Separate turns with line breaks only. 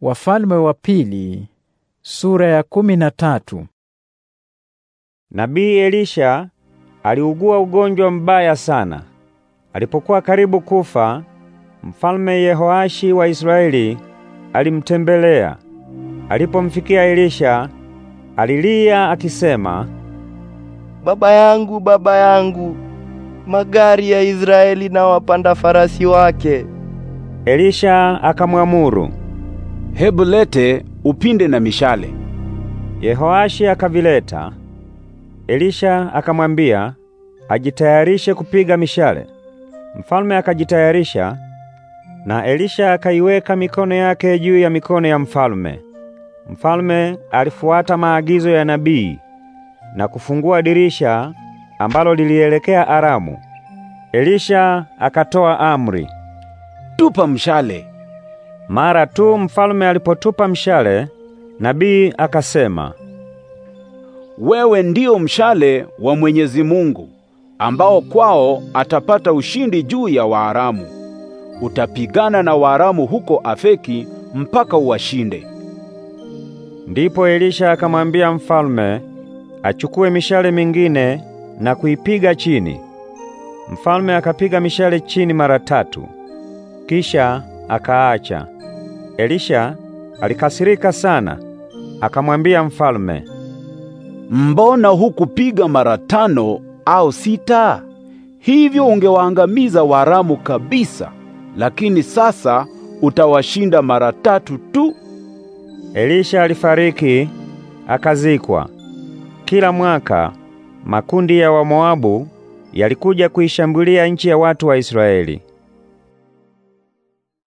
Wafalme wa pili, sura ya kumi na tatu. Nabii Elisha aliugua ugonjwa mbaya sana. Alipokuwa karibu kufa, Mfalme Yehoashi wa Israeli alimtembelea. Alipomfikia Elisha, alilia akisema, Baba yangu, baba yangu, magari ya Israeli na wapanda farasi wake. Elisha akamwamuru hebu lete upinde na mishale. Yehoashi akavileta. Elisha akamwambia ajitayarishe kupiga mishale. Mfalme akajitayarisha, na Elisha akaiweka mikono yake juu ya mikono ya mfalme. Mfalme alifuata maagizo ya nabii na kufungua dirisha ambalo lilielekea Aramu. Elisha akatoa amri, tupa mshale. Mara tu mfalme alipotupa mshale, nabii akasema, wewe ndiyo mshale wa Mwenyezi Mungu ambao kwao atapata ushindi juu ya Waaramu. Utapigana na Waaramu huko Afeki mpaka uwashinde. Ndipo Elisha akamwambia mfalme achukue mishale mingine na kuipiga chini. Mfalme akapiga mishale chini mara tatu, kisha akaacha. Elisha alikasirika sana, akamwambia mfalme, mbona hukupiga mara tano au sita? Hivyo ungewaangamiza Waramu kabisa, lakini sasa utawashinda mara tatu tu. Elisha alifariki akazikwa. Kila mwaka makundi ya Wamoabu yalikuja kuishambulia nchi ya watu wa Israeli.